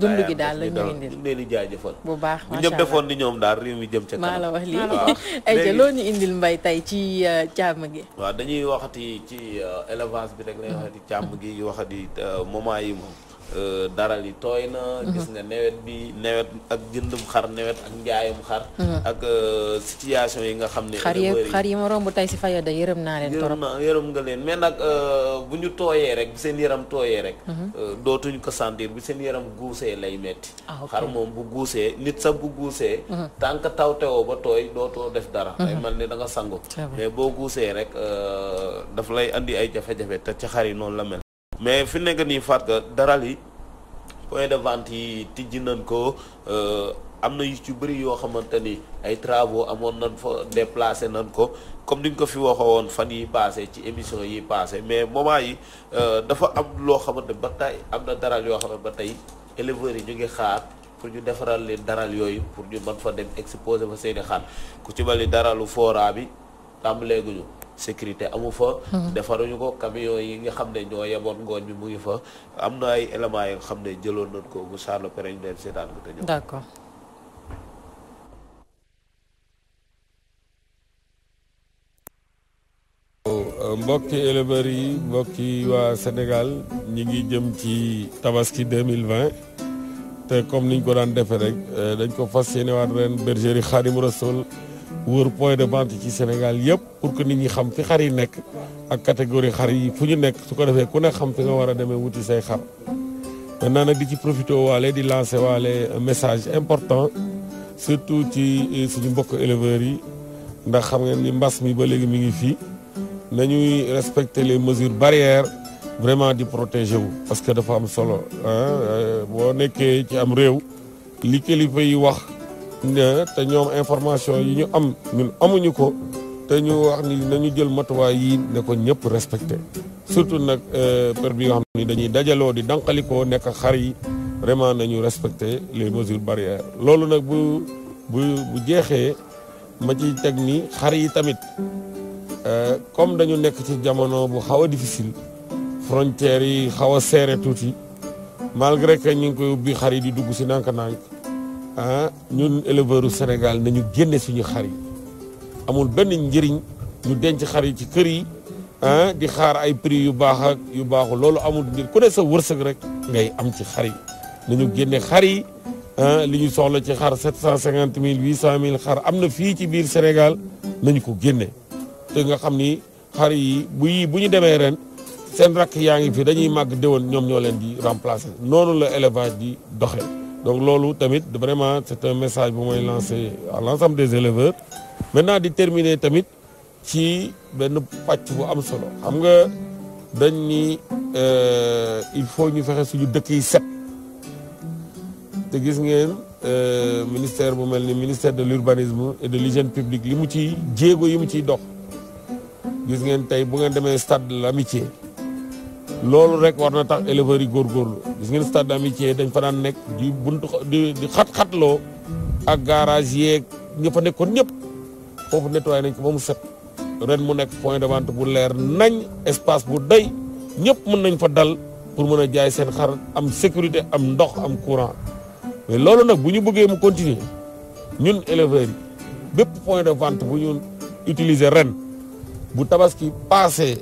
dund gi daal lañ ñu indil leen di jaajëfal bu baax bu ñëpp defoon ni ñoom daal réew mi jëm ca kanam maa la wax lii ay ca loo ñu indil mbay tey ci euh, càmm gi waaw dañuy waxati ci euh, élevage bi rek lañuy waxati càmm gi waxati euh, moment yi moom Euh, dara yi tooy na mhm. gis nga nawet bi nawet ak jëndum xar nawet ak njaayum xar mhm. ak euh, situation yi nga xam ne xar yi ma romb tey si fayada yërëm naa leen torop yërëm nga leen mais nag euh, bu ñu tooyee rek bu seen yaram tooyee rek mhm. dootuñ ko sentir bi seen yaram guusee lay metti ah, xar moom bu guusee nit sax bu guusee tànk taw tewoo ba tooy dootoo def dara day mel ni da sangu mais boo guusee rek daf lay indi ay jafe-jafe te ci xar yi noonu la mel mais fi nekk nii Fatou daral yi point de vente yi tijji nañ ko euh, am na yu ci bëri yoo xamante ni ay travaux amoon nañ fa déplacé nañ ko comme ni ñu ko fi waxoo woon fan yi passé ci émission yi passé mais moment yi euh, dafa am loo xamante ba tey am na daral yoo xamante ba tey éleveurs yi ñu ngi xaar pour ñu defaral leen daral yooyu pour ñu man fa dem exposer fa seeni xan ku ci mel ni daralu fora bi tàmbaleeguñu sécurité amu fa. Mhm. defaruñu ko camion yi nga xam ne ñoo yemoon ngooñ bi mu ngi fa am na ay éléments yi nga xam ne jëloon nañ ko seetaan ko te ñëw. Euh, mbokki éleveurs mbokki waa Sénégal ñi ngi jëm ci tabaski 2020 te comme niñ ko daan defee rek euh, dañ ko fas yéenewaat ren bergerie Xaadimu Rasuul wër point de vente ci Sénégal yëpp pour que nit ñi xam fi xar yi nekk ak catégorie xar yi fu ñu nekk su ko defee ku ne xam fi nga war a demee wuti say xar maintenant nag di ci profité waale di lancé waale un message important surtout ci eh, suñu mbokk éleveurs yi ndax xam nga ni mbas mi ba léegi mi ngi fii nañuy respecter les mesures barrières vraiment di protéger wu parce que dafa am solo euh, boo nekkee ci am réew li kilifa yi wax ne te ñoom information yi ñu am ñun amuñu ko te ñu wax ni nañu jël matuwaay yi ne ko ñëpp respecté surtout nag euh, période bi nga xam ni dañuy dajaloo di danqalikoo nekk xar yi vraiment nañu respecté les mesures barrières loolu nag bu bu bu jeexee ma ci teg ni xar yi tamit euh, comme dañu nekk ci jamono bu xaw a difficile frontières yi xaw a serré tuuti malgré que ñu ngi koy ubbi xar yi di dugg si nànk-nànk ah ñun éleveurs Sénégal nañu génne suñu xar yi amul benn njëriñ ñu denc xar yi ci kër yi ah di xaar ay prix yu baax ak yu baaxu loolu amul ku ne sa wërsëg rek ngay am ci xar yi nañu génne xar yi ah li ñu soxla ci xar 750 mille 800 mille xar am na fii ci biir Sénégal nañu ko génne te nga xam ni xar yi bu yii bu ñu demee ren seen rakk yaa ngi fi dañuy màgg déwén ñoom ñoo leen di remplacer noonu la élevage di doxe donc loolu tamit vraiment c'est un message bu mooy lancé à l'ensemble des éleveurs maintenant di terminer tamit ci benn pàcc bu am solo xam nga dañ ni euh, il faut ñu fexe suñu dëkk i set te gis ngeen euh, ministère bu mel ni ministère de l'urbanisme et de l'hygiène publique li mu ci jéego yi mu ciy dox gis ngeen tey bu ngeen demee stade de l'amitié loolu rek war na tax éleveurs yi góorgóorlu gis ngeen stade d'amitié dañ fa naan nekk di buntu di di xat-xatloo ak garage yeeg ñi fa nekkoon ñëpp foofu nettoyé nañ ko ba mu set ren mu nekk point de vente bu leer nañ espace bu dey ñëpp mën nañ fa dal pour mën a jaay seen xar am sécurité am ndox am courant mais loolu nag bu ñu bëggee mu continuer ñun éleveurs yi bépp point de vente bu ñu utiliser ren bu tabaski passé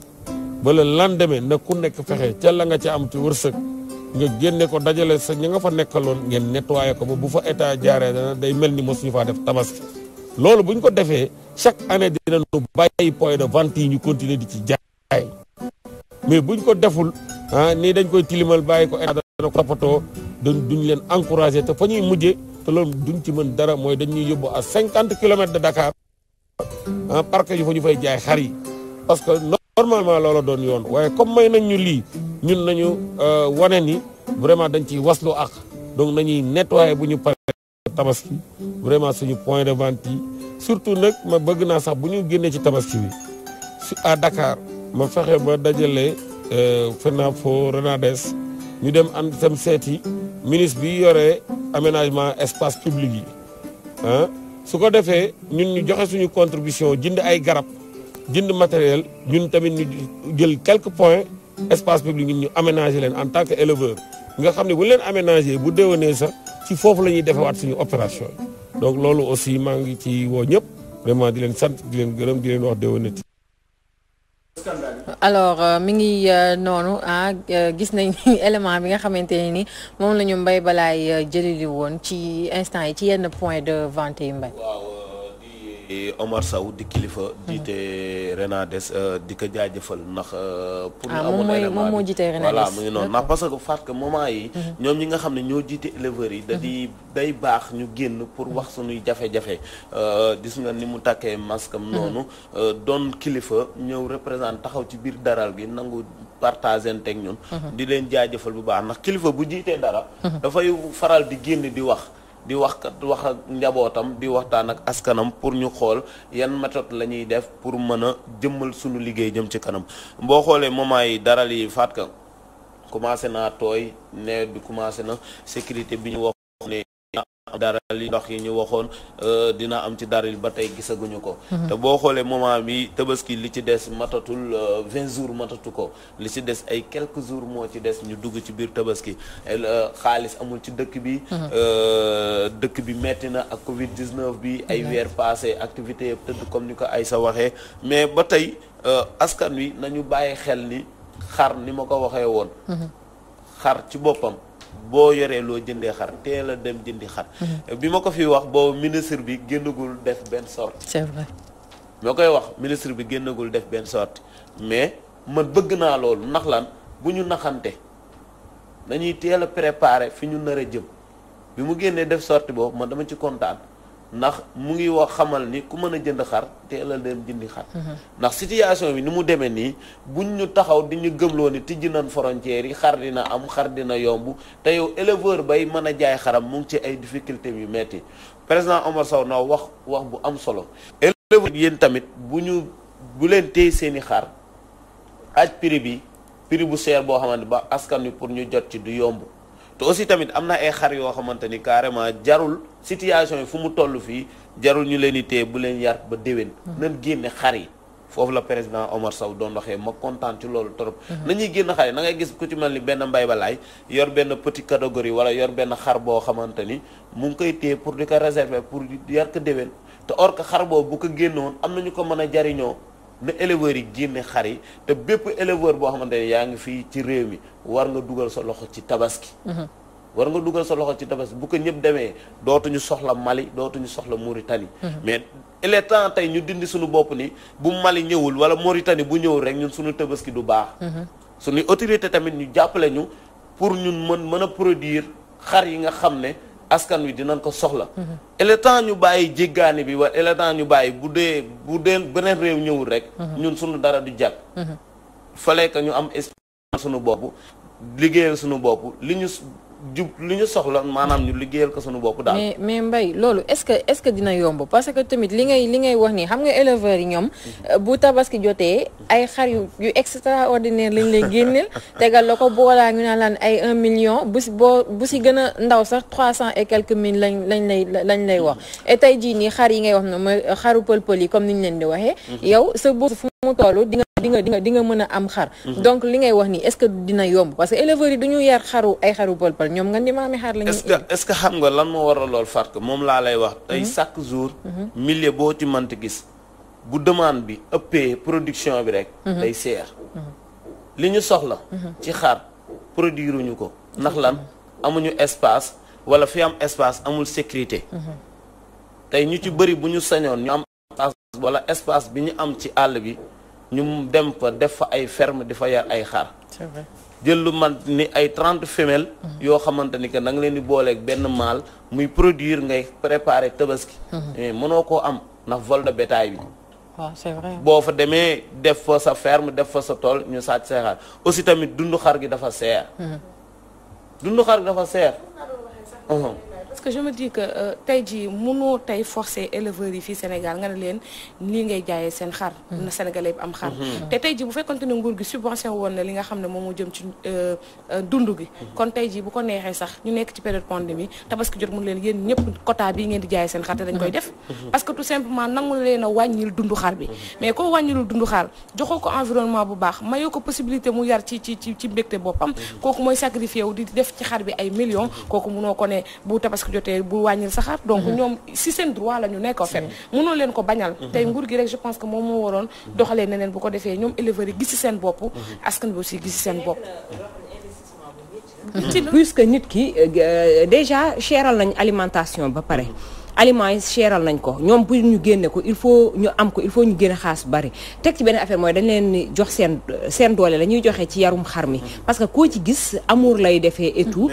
ba le lendemain na ku nekk fexe ca la nga ca am ci wërsëg nga génne ko dajale sa ñi nga fa nekkaloon ngeen nettoyé ko ba bu fa état jaaree dana day mel ni mosuñu faa def tabaski loolu buñ ko defee chaque année dina nu bàyyi point de vente yi ñu continuer di ci jaay mais buñ ko deful ah nii dañ koy tilimal bàyyi ko état dana ko toppatoo duñ leen encouragé te fa ñuy mujje te lool duñ ci mën dara mooy dañuy yóbbu ak cinquante kilomètres de Dakar ah yi yu fa ñu fay jaay xar yi normalement loola doon yoon waaye comme may nañ ñu lii ñun nañu euh, wane ni vraiment dañ ciy waslu ak donc nañuy netwaaye bu ñu paree tabaski vraiment suñu point de vente yi surtout nag ma bëgg naa sax bu ñu génnee ci tabaski bi si à Dakar ma fexe ba dajale euh, FENAFO Renades ñu dem am tam seeti ministre bi yore aménagement espace public yi ah su ko defee ñun ñu joxe suñu contribution jënd ay garab jënd matériel ñun tamit ñu jël quelques points espace public ñun ñu aménager leen en tant que éleveur nga xam ne bu leen aménager bu déwénee sax ci foofu la ñuy defewaat suñu opération donc loolu aussi maa ngi ci woo ñëpp vraiment di leen sant di leen gërëm di leen wax déwénati alors euh, mi ngi euh, noonu ah euh, gis nañ élément bi nga xamante ne ni moom la ñu mbay balaay jëlili woon ci instant yi ci yenn point de vente yi mbay Eh, Omar Sow di kilifa. jiite Renades euh, di ko jaajëfal ndax. Euh, pour ah, ñu amoon élément moom moo jiite Renades voilà mu ngi noonu ndax parce que faat que moment yi mhm. ñoom ñi nga xam ne ñoo jiite éleveurs yi. da mhm. day baax ñu génn pour wax suñuy jafe-jafe. Euh, gis nga ni mu takkee maskam am mhm. noonu. doon kilifa ñëw représente taxaw ci biir daral gi nangu. partagent ak di leen jaajëfal bu baax ndax kilifa bu jiitee dara dafay faral di génn di wax di wax kat wax ak njabootam di waxtaan ak askanam pour ñu xool yan méthode la ñuy def pour mën a jëmmal suñu liggéey jëm ci kanam boo xoolee moment yi dara lii faat ka commencé naa tooy nawet bi commencé na sécurité bi ñu wax dara li ndox yi ñu waxoon euh, dina am ci daril ba tey gisaguñu ko mhm. te boo xoolee moment bi tabaski li ci des matatul euh, vingt jours matatu ko li ci des ay quelques jours moo ci des ñu dugg ci biir tabaski euh, xaalis amul ci dëkk bi mhm. dëkk bi metti na ak covid 19 bi ay weer passé activité yëpp tëdd comme ni ko ay sa waxee mais ba tey askan wi nañu bàyyi xel ni xar ni ma ko waxee woon mhm. xar ci boppam boo yoree loo jëndee xar teel a dem jëndi xar. Mm-hmm. bi ma ko fi wax boobu ministre bi génnagul def benn sorte. c'est vrai. moo koy wax ministre bi génnagul def benn sorte mais man bëgg naa loolu nax lan bu ñu naxante nañuy teel a préparer fi ñu nar a jëm bi mu génnee def sorte boobu man dama ci kontaan. ndax mu ngi wax xamal ni ku mën a jënd xar te ëllëg dem jëndi xar. Mhm. ndax situation bi ni mu demee nii buñ ñu taxaw di ñu gëmloo ni tijji nañ frontières yi xar dina am xar dina yomb te yow éleveur bay mën a jaay xaram mu ci ay difficultés yu metti président Omar Sow na wax wax bu am solo. éleveur yéen tamit bu ñu buleen leen seeni xar aj piri bi piri bu seer boo xamante ba askan wi pour ñu jot ci di yomb. te aussi tamit am na ay xar yoo xamante ni carrément jarul situation yi fu mu toll fii jarul ñu leen di téye bu leen yar ba déwén. nañ génne xar yi foofu la président Omar Sow doon waxee ma kontaan ci loolu trop. Mhm. nañuy génn xar yi ngay gis ku ci ni benn mbay balaay yor benn petit catégorie wala yor benn xar boo xamante ni mu ngi koy téye pour di ko réserver pour yar ko déwén te or que xar boobu bu ko génnoon am na ñu ko mën a jariñoo. na éleveurs yi génne xar yi te bépp éleveur boo xamante ne yaa ngi fii ci réew mi war nga dugal sa loxo ci tabaski mhm. nga dugal sa loxo ci tabaski bu ko ñëpp demee dootuñu soxla Mali dootuñu soxla Mauritanie mhm. mais il est tey ñu dindi suñu bopp ni bu Mali ñëwul wala Mauritanie bu ñëwul rek ñun suñu tabaski du baax mhm. suñuy autorité tamit ñu jàppale ñu pour ñun mën mën a produire xar yi nga xam ne askan wi dinañ ko soxla. et ñu bàyyi jéggaani bi wala et le ñu bàyyi bu dee bu dee beneen réew ñëwul rek. ñun suñu dara du jàkk. Mhm. fallait que ñu am expérience suñu bopp liggéeyal suñu bopp li ñu jub li ñu soxla maanaam ñu liggéeyal ko suñu bopp daal. mais mais Mbaye loolu est-ce que dina yomb parce que tamit li ngay li ngay wax nii xam nga éleveurs yi ñoom. Mhm. Euh, bu tabaski ay xar yu yu extraordinaire lañ lay génneel tegal la ko boolaa ñu naan laan ay un million bu si boo bu si gën a ndaw sax trois cent et quelques mille lañ lañ lay lañ lay wax. et tey jii nii xar yi ngay wax na ma xaru pël-pël yi comme ni ñu leen di waxee. Mhm. yow sa bopp fu mu toll di nga mën a am xar. Mhm. donc li ngay wax nii est-ce que dina yomb parce que éleveurs lool ñoom nga ni maami xaar la ñuy. est-ce xam nga lan moo waral lool fàq moom laa lay wax. tey mhm. chaque jour. Mhm. milieu boo ci mënti gis. bu demande bi ëppee production bi rek. Mhm. day seer. li ñu soxla. ci xar produire ko. ndax lan amuñu espace wala fi am espace amul sécurité. tey ñu ci bëri bu ñu sañoon ñu am espace wala espace bi ñu am ci àll bi ñu dem fa def fa ay ferme di fa yar ay xar. jël lu man ni ay trente femelles. Mhm. yoo xamante ni que na nga leen di booleeg benn mâle muy produire ngay préparer tabaski. Mhm. Eh, mënoo koo am nax vol de bétail bi. boo fa demee def fa sa ferme def fa sa tool ñu sàcc sa aussi tamit dund xar gi dafa seer. Mhm. dund xar gi dafa seer. parce que je me dis que euh, tey jii mënoo tey forcer éleveurs Sénégal nga ne leen lii ngay jaayee seen xar. Mm-hmm. na Sénégalais bi am xar. Mm-hmm. te tey jii bu fekkonte ne nguur gi subvention woon na li nga xam ne moom moo jëm ci euh, euh, dund gi. Mm-hmm. kon tey jii bu ko neexee sax ñu nekk ci période pandémie tabaski jot mun leen yéen ñëpp quota bii ngeen di jaayee seen xar te dañ koy def. parce que tout simplement nangu na leen wàññil dundu xar bi. mais koo wàññilul dundu xar joxoo ko environnement bu baax mayoo ko possibilité mu yar ci ci ci ci mbégte mooy sacrifié wu di def ci xar bi ay millions jotee bu wàññil saxaar donc mhm. ñoom si seen droit la ñu nekk en munoo mhm. leen ko bañal mhm. tey nguur gi rek je pense que moom moo waroon doxalee neneen bu ko defee ñoom éleveurs yi gis si seen bopp askan bi aussi gis si seen bopp puisque nit ki euh, déjà cheral nañu alimentation ba pare aliment yi seeral nañ ko ñoom bu ñu génnee ko il faut ñu am ko il faut ñu génne xaas bari teg ci benn affaire mooy dañ leen jox seen seen doole la ñuy joxe ci yarum xar mi parce que koo ci gis amour lay defee etu tout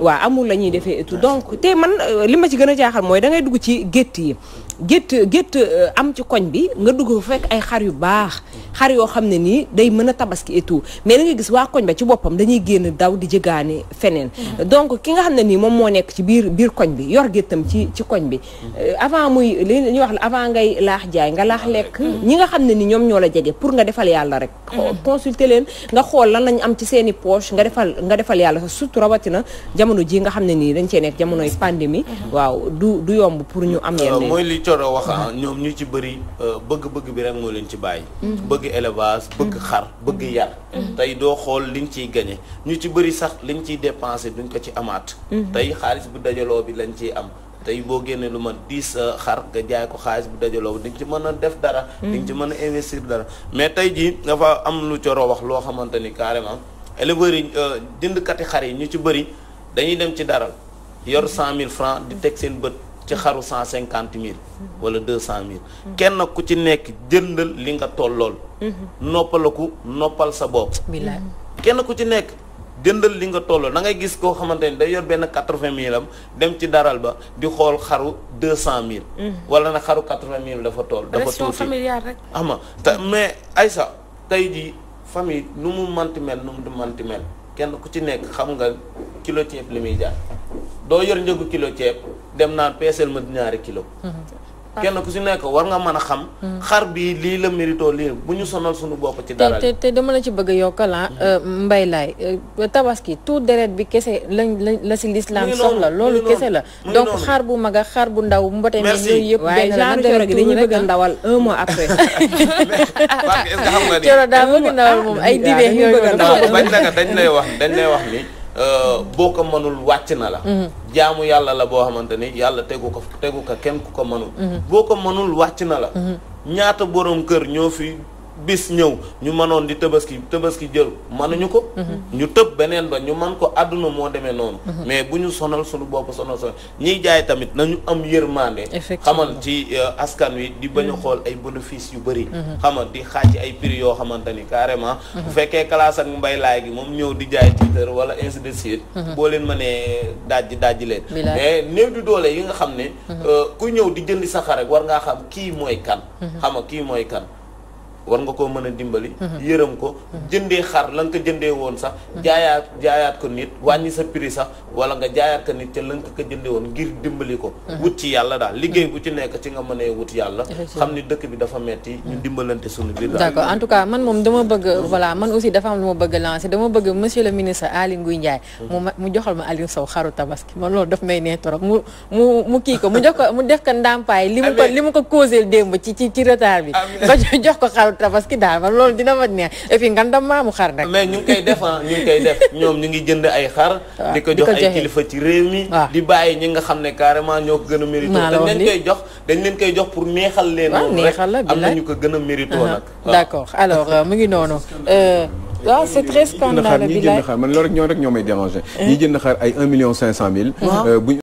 waaw amour la ñuy defee et donc te man euh, li ma ci gën a jaaxal mooy da ngay dugg ci gétt yi gétt gétt euh, am ci koñ bi nga dugg fa fekk ay xar yu baax xar yoo xam ne nii day mën a tabaski et tout mais da nga gis waa koñ ba ci boppam dañuy génn daw di jegaani feneen mm-hmm. donc ki nga xam ne nii moom moo nekk ci biir biir koñ bi yor géttam ci ci koñ bi mm-hmm. euh, avant muy li ñuy wax la avant ngay laax jaay nga laax lekk ñi nga xam ne ni ñoom ñoo la jege pour nga defal yàlla rek mm-hmm. consulter leen nga xool la lañ am ci seen i poche nga defal nga defal yàlla surtout rawatina jamono ji nga xam ne nii dañ cee nekk jamonoy pandémie waaw du du yomb pour ñu am yenn euh, li Coro wax ah, ñoom ñu ci bëri euh, bëgg-bëgg bi rek moo leen ci bàyyi. Mm-hmm. bëgg élevage bëgg mm-hmm. xar bëgg mm-hmm. yar. tey doo xool liñ ciy gañe ñu ci bëri sax liñ ciy dépensé duñ ko ci amaat. tey xaalis bu dajaloo bi lañ ciy am. tey boo génnee lu man dix euh, xar nga jaay ko xaalis bu dajaloo di nga ci mën a def dara. di nga ci mën a investir dara mais tey jii dafa am lu coro wax loo xamante ni carrément éleveurs yi euh, jëndkati xar yi ñu ci bëri dañuy dem ci daral yor cent mille francs di ci xaru cent cinquante mille wala deux cent mille kenn ku ci nekk jëndal li nga tollool noppalaku noppal sa bopp kenn ku ci nekk jëndal li nga tollool da ngay gis koo xamante ni day yor benn quatre vingt mil am dem ci daral ba di xool xaru deux cent mille mm-hmm. wala na xaru quatre vingt mille dafa tool dafa tuuti ama te mais Aïssa tey jii famille nu mu manti mel nu mu du kenn ku ci nekk xam nga kilo ceeb li muy jaar doo yor njëgu kilo ceeb dem naan peeseel ma ñaari kilo mhm. kenn ku si nekk war nga mën a xam. Hmm. xar bi lii la mérito lii bu ñu sonal suñu bokk ci dara. te te dama la ci bëgg a yokkal ah, hmm. euh, mbay laay euh, tabaski tout deret bi kese la la si lislaam soxla loolu kese la. donc xar bu mag ak xar bu ndaw mu ba tey. yëpp déjà bëgg a ndawal un mois après. parce que coro daa bëgg ndawal moom ay dibeex yooyu. bañ na dañ lay wax dañ lay wax ni. Euh, boo ko mënul wàcc na la mhm. jaamu yàlla la boo xamante ni yàlla tegu ko tegu ko kenn ku ko mënul mhm. boo ko mënul wàcc na la mhm. ñaata borom kër ñoo fi bis ñëw ñu mënoon di tabaski tabaski jël mënuñu ko mhm. ñu tëb beneen ba ñu man ko àdduna moo demee noonu mhm. mais bu ñu sonal suñu bopp sonal sonal ñiy jaay tamit nañu am yërmande xamal ci euh, askan wi di bañ a mhm. xool ay bénéfice yu bëri xamal di xàcc ay prix yoo xamante ni carrément bu fekkee classe ak mbay laay gi moom ñëw di jaay titre wala ainsi de suite boo leen mënee dajji daj leen mais néew di doole yi nga xam ne euh, ku ñëw di jëndi sa xar rek war ngaa xam kii mooy kan war nga koo mën a dimbali. Mhm. yërëm ko mhm. jëndee xar la nga ko jëndee woon sax. jaayaat jaayaat ko nit wàññi sa prix sax wala nga jaayaat ko nit ca la nga ko jëndee woon ngir dimbali ko. Mhm. wut ci yàlla daal liggéey bu ci nekk ci nga mënee wut yàlla. xam ni dëkk bi dafa metti ñu dimbalante suñu biir. d'accord en tout cas man moom dama bëgg voilà man aussi dafa am lu ma bëgg lancer dama bëgg monsieur le ministre Aly Ngouille Ndiaye. mu ma mu joxal ma Aliou Sow xaru tabaski man loolu daf may nee torop mu mu kii ko mu jox ko mu def ko ndàmpaay. li mu ko li mu ko causé démb ci ci ci bi. ba jox ko xaru tabaski daal man loolu dina ma neex et puis nga dem maamu xar nag. mais ñu ngi koy def ah, ñu ngi koy def ñoom ñu ngi jënd ay xar. di ko jox ay kilifa ci réew mi. di bàyyi ñi nga xam ne carrément ñoo ko gën a mérito. dañ leen koy jox dañ leen koy jox pour neexal leen. waaw neexal am na ko gën a mérito nag. d'accord alors euh, mu ngi noonu. Euh, waaw c'est très scandaleux bi laay ñi jënd man loolu rek ñoo rek ñoo may déranger. Eh? ñi jënd xar ay 1 million 500 mille.